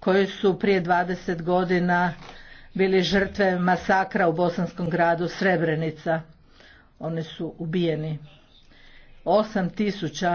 koji su prije 20 godina bili žrtve masakra u bosanskom gradu Srebrenica. Oni su ubijeni. 8 tisuća